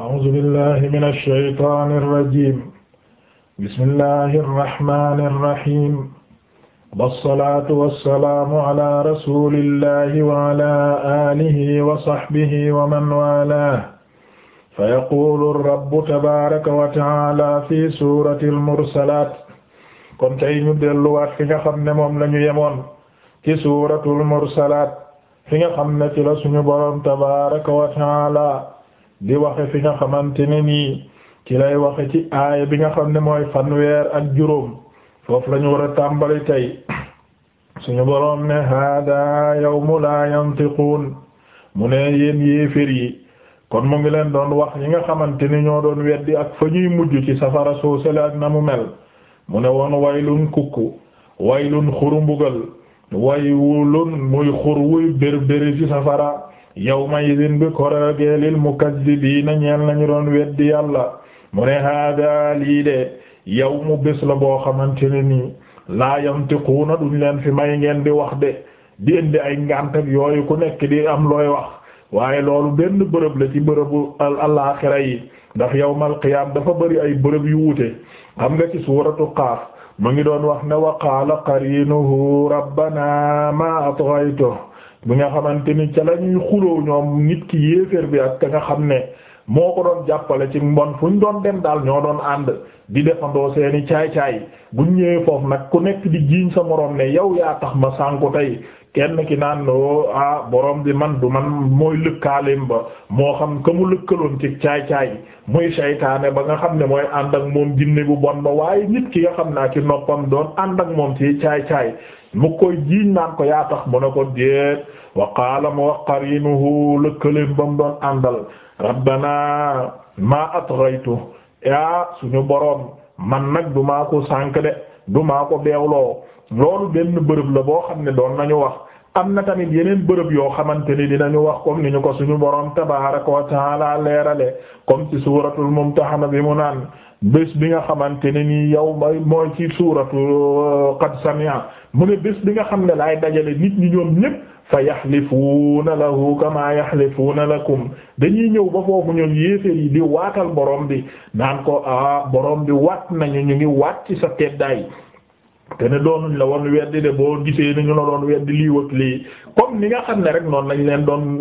أعوذ بالله من الشيطان الرجيم بسم الله الرحمن الرحيم والصلاة والسلام على رسول الله وعلى آله وصحبه ومن والاه فيقول الرب تبارك وتعالى في سورة المرسلات kon tey ñu delluwaat fi nga xam ne moom lañu yemoon ci suuratul mursalaat fi nga xam ne ci la suñu boroom tabaaraka wa ta'aala di waxe fi nga xamante ne nii ci lay waxe ci aaya bi nga xam ne mooy fanweer ak juróom foofu la ñu war a tàmbali tey suñu boroom ne hada yawmu la yantiqun mu ne yéen yéefér yi kon mu ngi leen doon wax yi nga xamante ni ñoo doon weddi ak fa ñuy mujj ci safara soosale ak na mu mel mu ne woon waylun kukku waylun xurumbugal waylun muy xur wuy bér béri ci safara yawma idin bi korogee lil mukazzibiina ñeel nañu doon weddi yàlla mu ne haadaa lii de mu bés la boo xamante ne nii laa yantiquuna duñ leen fi may ngeen di wax de di indi ay ngànt yooyu ku nekk di am looy wax waaye loolu benn bërëb la ci bërëbu alaaxira yi ndax yawmal qiyaam dafa bari ay bërëb yu wuute xam nga ci suuratu qaaf mu ngi doon wax ne wa qaala qariinuhu rabbanaa maa atghaytuhu bi nga xamante ni ca la ñuy xuloo ñoom nit ki yéeféer bi ak ka nga xam ne moo ko doon jàppale ci mbon fu ñu doon dem daal ñoo doon ànd di defandoo seeni caay-caay buñ ñëwee foofu nag ku nekk di jiiñ sa moroom ne yow yaa tax ma sànku tey kenn ki naan o oh, ah borom bi man du man mooy lëkkaaleem ba moo xam ka mu lëkkaloon ci caay-caay muy saytaane ba nga xam ne mooy ànd ak moom jinne bu bon ba waaye nit ki nga xam naa ki noppam doon ànd ak moom ci caay-caay mu koy jiiñ naan ko yaa tax mu ne ko déet wa qaala mu wax qarinuhu lëkkaleem ba àndal rabbana maa atghaytu yaa suñu boroom man nag du maa ko sànk de du maa ko beewloo loolu benn bërëb la boo xam ne doon nañu wax am na tamit yeneen bërëb yoo xamante ni dinañu wax comme ni ñu ko suñu boroom tabaaraka wa taala leerale comme ci suuratul mumtahana bi mu naan bés bi nga xamante ne nii yow mooy ci suuratu qad sami'a mu ne bés bi nga xam ne laay dajale nit ñi ñoom ñépp fa yaxlifuuna lahu kama yaxlifuuna lakum dañuy ñëw ba foofu ñoom yéeféer yi di waatal boroom bi naan ko ah borom bi waat nañu ñu ngi waat ci sa teddaay te ne doonuñ la woon weddi de boo gisee ni ñu la doon weddi lii wëkk lii comme ni nga xam ne rek noonu lañ leen doon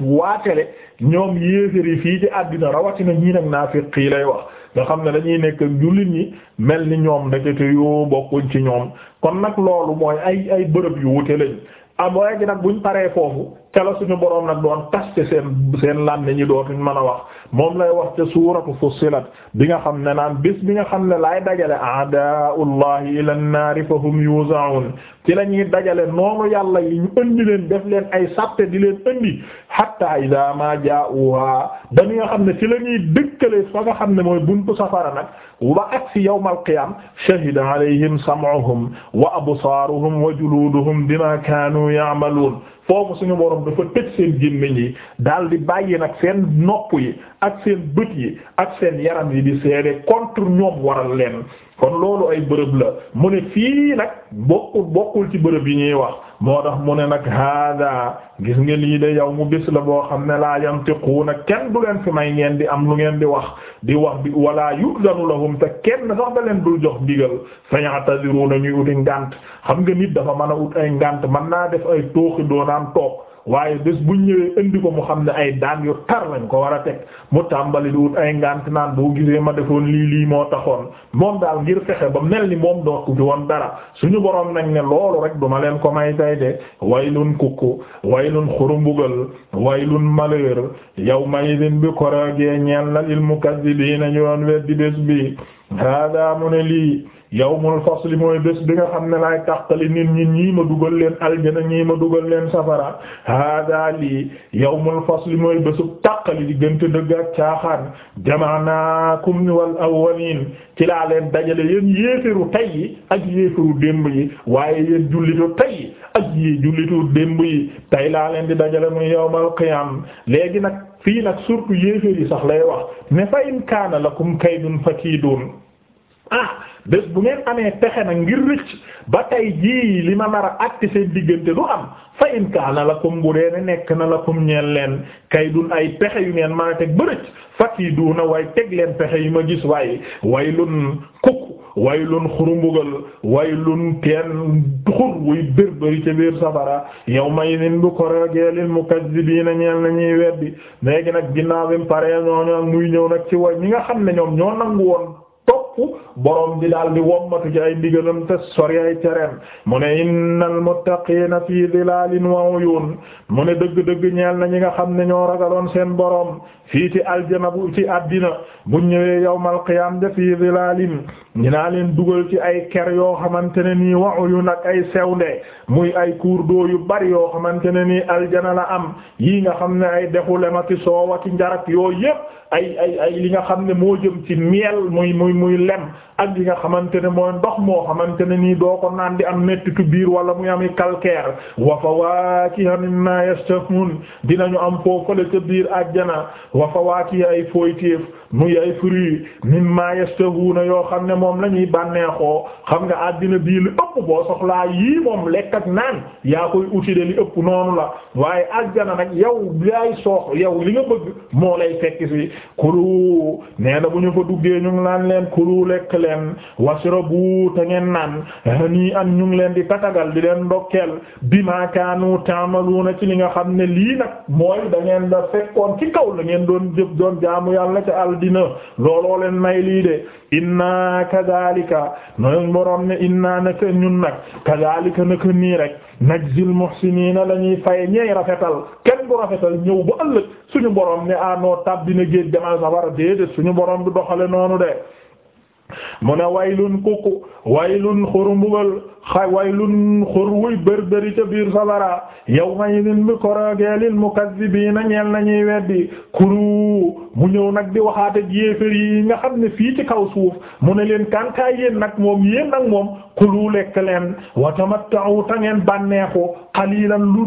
waatele ñoom yéeféer yi fii ci àddina rawatina ñii nag naa naafiq yi lay wax nga xam ne dañuy nekk jullit ñi mel ni ñoom ndekete yoo bokkuñ ci ñoom kon nag loolu mooy ay ay bërëb yu wute lañ amooy gi nag buñ paree foofu ca suñu boroom nag doon taste seen seen làmmiñ ñi doo dootuñ mën a wax moom lay wax ca suuratu fussilat bi nga xam ne naan bés bi nga xam ne laay dajale aadaullahi ila nnaari fa hum yuzaun ci la ñuy dajale noonu yàlla yi ñu indi leen def leen ay sàtte di leen indi hatta ida ma jaauha dañu nga xam ne ci la ñuy dëkkale fa nga xam ne mooy buntu safara nag wa aksi yawmal qiyaam shahida alayhim sam'uhum wa absaaruhum wa juluuduhum bimaa kaanuu ya'maluun foofu suñu borom dafa tëj seen gémmiñ yi daal di bàyyi nag seen nopp yi ak seen bët yi ak seen yaram yi di seede contre ñoom waral leen kon loolu ay bërëb la mu ne fii nag bokkul bokkul ci bërëb yi ñuy wax moo tax mu ne nag hada gis nga lii de yow mu bis la boo xam ne laa yantiquuna kenn du leen fi may ngeen di am lu ngeen di wax di wax di bi wala yuzanu lahum te kenn sax da leen dul jox digal fa ya'taziruna ñuy uti ngànt xam nga nit dafa mën a ut ay ngànt mën naa def ay tooxi doonaam toog waaye bés bu ñëwee indi ko mu xam ne ay daan yu tar lañ ko war a teg mu tàmbali di wut ay ngant naan boo gisee ma defoon lii lii moo taxoon moom daal ngir fexe ba mel ni moom dootu ci woon dara suñu boroom nañ ne loolu rek ma leen ko may tay de waylun kukku waylun xurumbugal waylun malheur yawma idin bi korogee ñeel na lil mukazzibiina ñu doon weddi bés bi hada mu ne lii yawmul fasli mooy bés bi nga xam ne laay tàqali nit ñi ñii ma dugal leen aljana ñii ma dugal leen safara hada lii yawmul fasli mooy bésu tàqali diggante dëgg ak caaxaan jamaanaakum wal awwaliin ci laa leen dajale yéen yéefaru tey yi ak yéefaru démb yi waaye yéen jullitu tey ak yi jullitu démb yi tay laa leen di dajale muy yawmal qiyam léegi nag fii nag surtout yéeféer yi sax lay wax ne fa inkaana la in kaana fa kaydun fakiidun ah bés bu ngeen amee pexe nag ngir rëcc ba tay jii li ma nar a àtti seen diggante du am fa in kaana lakum bu dee nekk na la lakum ñeen leen dun ay pexe yu ngeen mën a teg ba rëcc fakiiduna waaye teg leen pexe yi ma gis waaye waylun waylun xurumbugal waylun teen xur wuy bërbëri ca biir sabara safara yawma idin bu korogee lil mukazzibiina ñeel na ñuy weddi léegi nag ginnaaw bi mu paree ñooñu ak muy ñëw nag ci way ñi nga xam ne ñoom ñoo nangu woon borom bi daal di wommatu ci ay ndigalam te sori ay tereem mu ne innal muttaqiina fii dilaalin wa uyun mu ne dëgg-dëgg ñeel na ñi nga xam ne ñoo ragaloon seen boroom fii ci aljana bu ci àddina bu ñëwee yawmal qiyaam da fii dilaalin ñinaa leen dugal ci ay ker yoo xamante ne nii wa uyun ak ay sewnde muy ay cours d'eau yu bari yoo xamante ne nii aljana la am yii nga xam ne ay dexu lema ki soowa ki njarak yooyu yépp ay ay ay li nga xam ne moo jëm ci miel muy lem ak yi nga xamante ne mooy ndox moo xamante ne nii doo ko naan di am mettitu biir wala muy ami calcaire wa fawaakiha mimma yashtahun dinañu am foofale ca biir àjjana wa fawaakiha ay foytéef muy ay fruit mimma yashtahuna yoo xam ne moom lañuy bànneexoo xam nga àddina bii li ëpp boo soxlaa yii moom lekk ak naan yaa koy uti de li ëpp noonu la waaye àjjana nag yow yaay soox yow li nga bëgg moo lay fekk ci kulu na bu ñu fa duggee ñu ngi naan leen kulu leen wasrabu te ngeen naan hani an ñu leen di tatagal di leen ndokkeel bima kaanu na ci li nga xam ne lii nag mooy da ngeen da fekkoon ci kaw la ngeen doon jëf doon jaamu yàlla ca aldina looloo leen may lii de inna kadhalika noonu borom ne inna naka ñun nag kadhalika naka nii rek najzil muhsiniina la ñuy fay ñey rafetal kenn bu rafetal ñëw bu ëllëg suñu borom ne anoo ah tab dina géej demal safara déedéet suñu borom du doxale noonu de mu ne waylun kukku waylun xurumbugal xay waylun xur wuy bëri ca biir safara yawma idin bi korogee lil mukazzibiina ñeel nañuy weddi kuru mu ñëw nag di waxaate jéefér yi nga xam ne fii ci kaw suuf mu ne leen kankaay yéen nag moom yéen nag moom kulu lekk leen wa tamatta'u ta ngeen bànneexu qalilan lu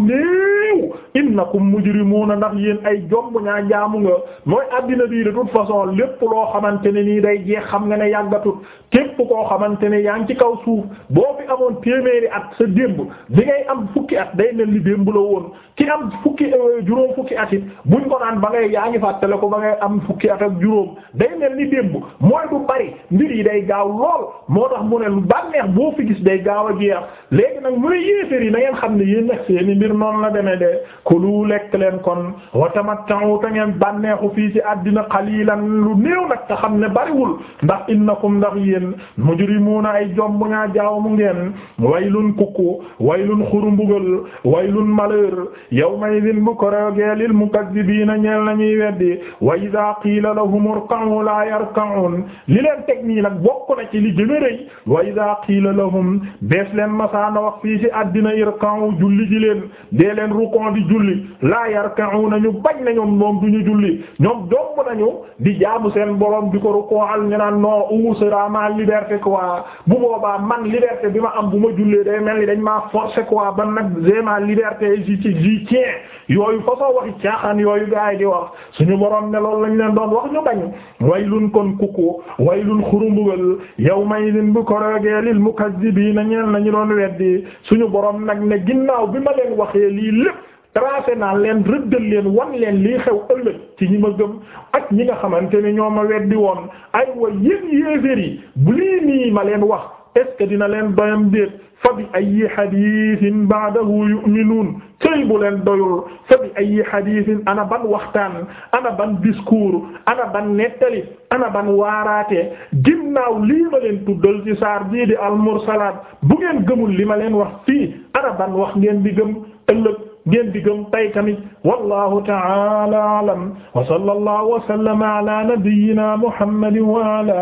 in na néew mu na ndax yéen ay jomb ñaa jaamu nga mooy àddina bii façon lépp loo xamante ne nii day jeex xam nga ne yàggatut képp koo xamante ne yaa ngi ci kaw suuf boo fi amoon téeméeri at sa démb bi ngay am fukki at day mel ni démb la woon ki am fukki euh, juróom fukki at it buñ ko naan ba ngay yaa ngi fàttale ko ba ngay am fukki at ak juróom day mel ni démb mooy du bari mbir yi day gaaw lool moo tax mu ne lu bànneex boo fi gis day gaaw a jeex léegi nag mu ne yéeféer yi na ngeen xam ne yéen nag seeni mbir noonu la demee de lu lekk leen kon wa tamatta'u te ngeen bànneexu fii ci àddina qalilan lu néew nag te xam ne bariwul ndax innakum ndax yéen mujrimuna ay jomb ñaa jaaw mu ngeen waylun kukku waylun xurumbugal waylun malheur yawma idin bu korogee lil mukazzibiina ñeel nañuy weddi wa idaa qiila lahum irka'u laa yarka'uun li leen teg nii nag bokk na ci li gën a rëy wa idaa qiila lahum bees leen masaana wax fii ci àddina irka'u julli ji leen dee leen rukon di julli laa yarka'uuna ñu bañ na ñoom moom du ñu julli ñoom domb nañu di jaamu seen borom di ko rukon al ñu naan non usra ma liberté quoi bu boobaa man liberté bi ma am bu ma jullee day mel ni dañ maa forcer quoi ban nag vraiment liberté ji ci ji tien yooyu façon waxi caaxaan yooyu gaay di wax suñu borom ne loolu lañ leen doon wax ñu bañ waylun kon kuku waylun xurumbugal yawma idin bu korogee lil mukazzibiina ñeen lañu doon weddi suñu borom nag ne ginnaaw bi ma leen waxee lii lépp tracé naa leen rëddal leen wan leen lii xew ëllëg ci ñi ma gëm ak ñi nga xamante ne ñoo ma weddi woon ay wa yéen yéeféer yi bu lii ma leen wax est-ce que dina leen doyam déet fa bi ayi hadithin ba'dahu yu'minun tey bu leen doyul fa bi ayi hadithin ana ban waxtaan ana ban discours ana ban nettali ana ban waaraate ginnaaw lii ma leen tuddal ci saar bii di al-mursalaat bu ngeen gëmul li ma leen wax fii ana ban wax ngeen di gëm ëllëg ngeen di gëm tay tamit wallahu ta'ala a'lam wa sallallahu wa sallama ala nabiyyina muhammadin wa ala